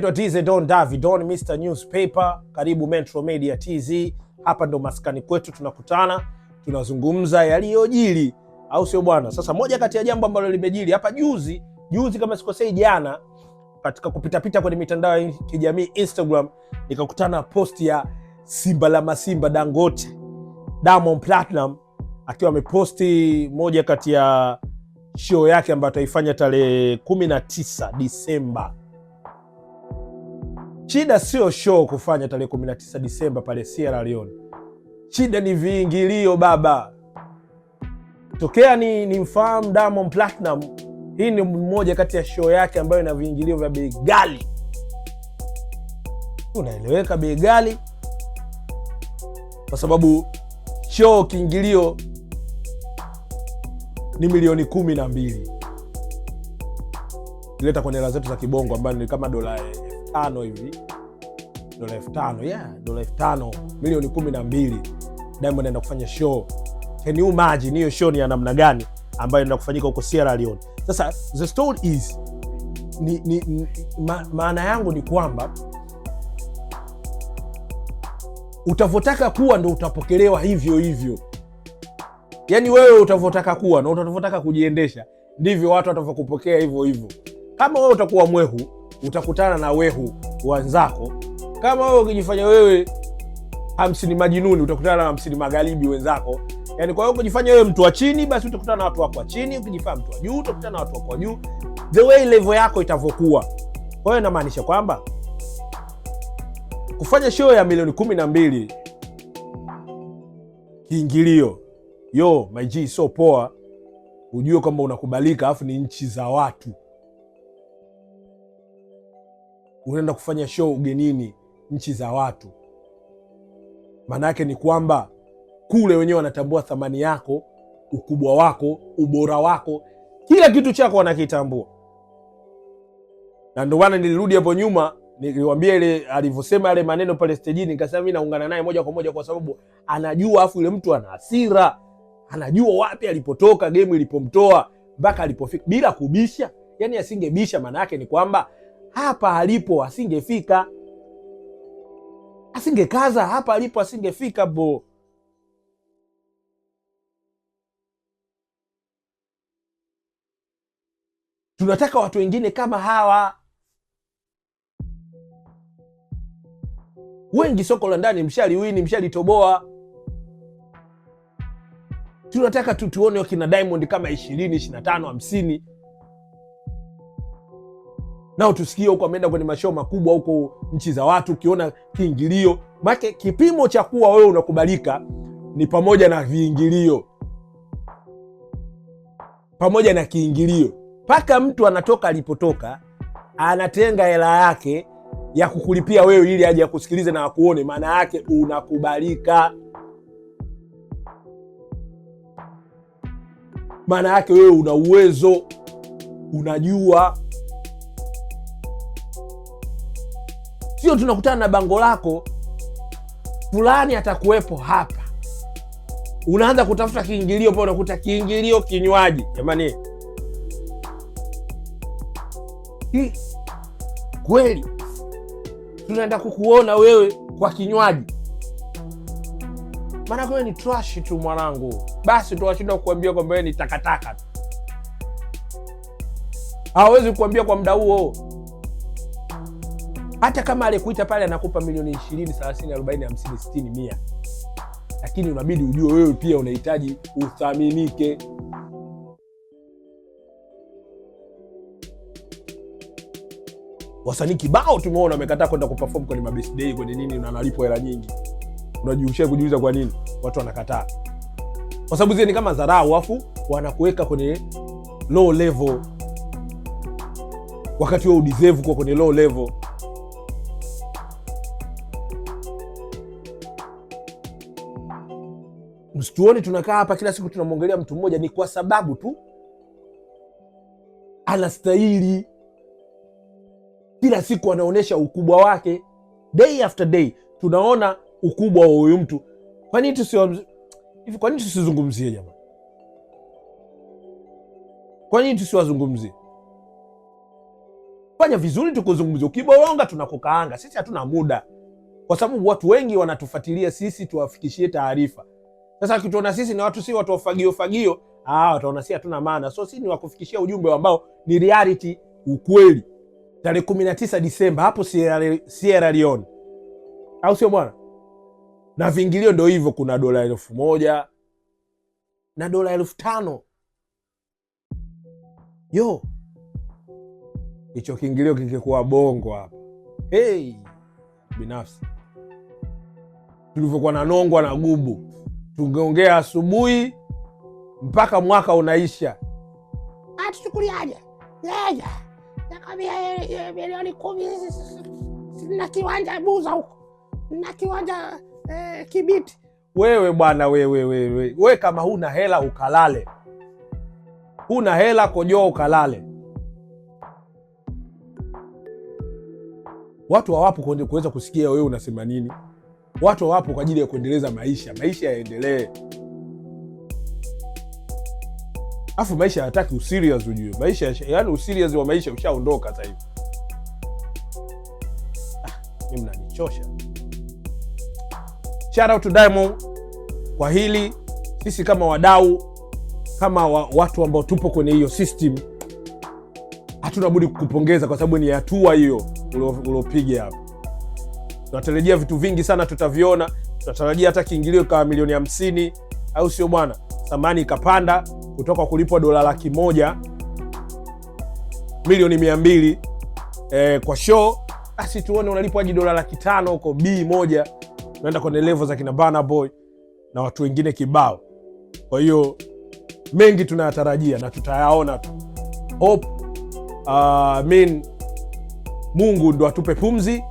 Naitwa TZ Don Davi Don Mr Newspaper. Karibu Metro Media TZ, hapa ndo maskani kwetu, tunakutana tunazungumza yaliyojili, au sio bwana? Sasa moja kati ya jambo ambalo limejili hapa juzi juzi, kama sikosei, jana katika kupitapita kwenye mitandao ya kijamii Instagram, nikakutana posti ya simba la masimba Dangote, Diamond Platinum akiwa ameposti moja kati ya show yake ambayo ataifanya tarehe 19 Disemba Shida siyo show kufanya tarehe 19 Disemba pale Sierra Leone. Shida ni viingilio baba. Tokea ni, ni mfahamu Diamond Platinum, hii ni mmoja kati ya show yake ambayo ina viingilio vya bei ghali. Unaeleweka bei ghali kwa sababu show kiingilio ni milioni kumi na mbili ileta kwenye hela zetu za kibongo ambayo ni kama dola tano hivi, dola elfu tano yeah, dola elfu tano milioni kumi na mbili Diamond anaenda kufanya show. Can you imagine hiyo show ni ya namna gani ambayo inaenda kufanyika huko Sierra Leone? Sasa the story is ni, ni, ni, ma, maana yangu ni kwamba utavotaka kuwa ndo utapokelewa hivyo hivyo, yaani wewe utavotaka kuwa na utavotaka kujiendesha ndivyo watu watavokupokea hivyo hivyo. Kama wewe utakuwa mwehu utakutana na wehu wenzako. Kama wewe ukijifanya wewe hamsini majinuni, utakutana na hamsini magharibi wenzako. Yani kwa hiyo ukijifanya wewe mtu wa chini, basi utakutana na watu wako wa chini. Ukijifanya mtu wa juu, utakutana na watu wako wa juu, the way level yako itavyokuwa. Kwa hiyo inamaanisha kwamba kufanya show ya milioni kumi na mbili kiingilio, yo my G, so poa, ujue kwamba unakubalika, alafu ni nchi za watu unaenda kufanya show ugenini, nchi za watu. Maana yake ni kwamba kule wenyewe wanatambua thamani yako, ukubwa wako, ubora wako, kila kitu chako wanakitambua. Na ndio maana nilirudi hapo nyuma niliwambia ile alivyosema yale maneno pale stejini, nikasema mi naungana naye moja kwa moja, kwa sababu anajua. Afu yule mtu ana hasira, anajua wapi alipotoka, gemu ilipomtoa mpaka alipofika, bila kubisha. Yani asingebisha, maana yake ni kwamba hapa alipo asingefika, asingekaza hapa alipo asingefika bo. Tunataka watu wengine kama hawa wengi. Soko la ndani mshaliwini, mshalitoboa. Tunataka tu tuone wakina Diamond kama ishirini, ishirini na tano, hamsini nao tusikie huko ameenda kwenye mashoo makubwa huko nchi za watu, ukiona kiingilio make. Kipimo cha kuwa wewe unakubalika ni pamoja na viingilio, pamoja na kiingilio. Mpaka mtu anatoka alipotoka, anatenga hela yake ya kukulipia wewe ili aje akusikilize na akuone, maana yake unakubalika. Maana yake wewe una uwezo, unajua sio tunakutana na bango lako fulani atakuwepo hapa, unaanza kutafuta kiingilio pa, unakuta kiingilio kinywaji. Jamani, kweli tunaenda kukuona wewe kwa kinywaji? Maanake wewe ni trash tu mwanangu, basi tunashinda kukuambia kwamba wewe ni takataka tu, hawezi kukuambia kwa muda huo hata kama alikuita pale anakupa milioni 20, 30, lakini unabidi ujue wewe pia unahitaji uthaminike. Wasanii kibao tumeona wamekataa kwenda kuperform kwenye mabirthday kwenye nini, na nalipo hela nyingi. Unajiusha kujiuliza kwa nini watu wanakataa, kwa sababu zile ni kama dharau, afu wanakuweka kwenye low level wakati wewe udeserve kuwa kwenye low level. msituoni tunakaa hapa kila siku tunamwongelea mtu mmoja, ni kwa sababu tu anastahili. Kila siku anaonyesha ukubwa wake, day after day tunaona ukubwa wa huyu mtu. Kwa nini tusi hivi? Kwa nini tusizungumzie jamani? Kwa nini tusiwazungumzie? Fanya vizuri tukuzungumzie, ukiboronga tunakukaanga. Sisi hatuna muda, kwa sababu watu wengi wanatufuatilia sisi tuwafikishie taarifa. Sasa akituona sisi na watu si watu wafagio fagio, ah, wataona si hatuna maana. So sisi ni wakufikishia ujumbe ambao ni reality, ukweli. Tarehe 19 Disemba hapo Sierra, Sierra Leone, au sio bwana? Na vingilio ndo hivyo, kuna dola elfu moja na dola elfu tano yo hicho kiingilio kingekuwa bongo hapa. Hey, binafsi tulivyokuwa na nongwa na gubu tungeongea asubuhi mpaka mwaka unaisha. Atuchukuliaje? Yeye nakwambia milioni kumi na kiwanja Buza huko na kiwanja eh, Kibiti. Wewe bwana wewe, wewe we, kama huna hela ukalale, huna hela kojoa ukalale. Watu hawapo kuweza kusikia wewe unasema nini watu wapo kwa ajili ya kuendeleza maisha, maisha yaendelee. Afu maisha hayataki usirias, ujue maisha, yani usirias wa maisha ushaondoka sasa hivi. Ah, mi mnanichosha. Shout out to Diamond kwa hili. Sisi kama wadau, kama wa, watu ambao tupo kwenye hiyo system hatuna budi kukupongeza kwa sababu ni hatua hiyo uliopiga hapa tunatarajia vitu vingi sana tutaviona. Tunatarajia hata kiingilio ikawa milioni hamsini, au sio bwana? Thamani ikapanda kutoka kulipwa dola laki moja milioni mia mbili eh, kwa show, basi tuone unalipwa hadi dola laki tano huko b moja, unaenda kwenye levo za kina Burna Boy na watu wengine kibao. Kwa hiyo mengi tunayatarajia na tutayaona tu. Hope, uh, mean, Mungu ndo atupe pumzi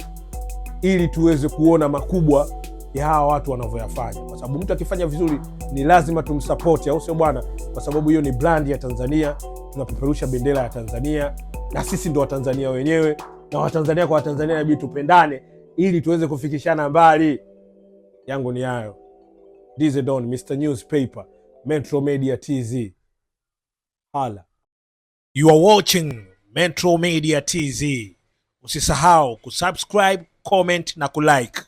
ili tuweze kuona makubwa ya hawa watu wanavyoyafanya, kwa sababu mtu akifanya vizuri ni lazima tumsapoti, au sio bwana? Kwa sababu hiyo ni brandi ya Tanzania, tunapeperusha bendera ya Tanzania na sisi ndo Watanzania wenyewe, na Watanzania kwa Watanzania inabidi tupendane ili tuweze kufikishana mbali. Yangu ni hayo. Dz Don, Mr Newspaper, Metro Media TZ. Hala. You are watching Metro Media TZ. Usisahau kusubscribe kucomment na kulike.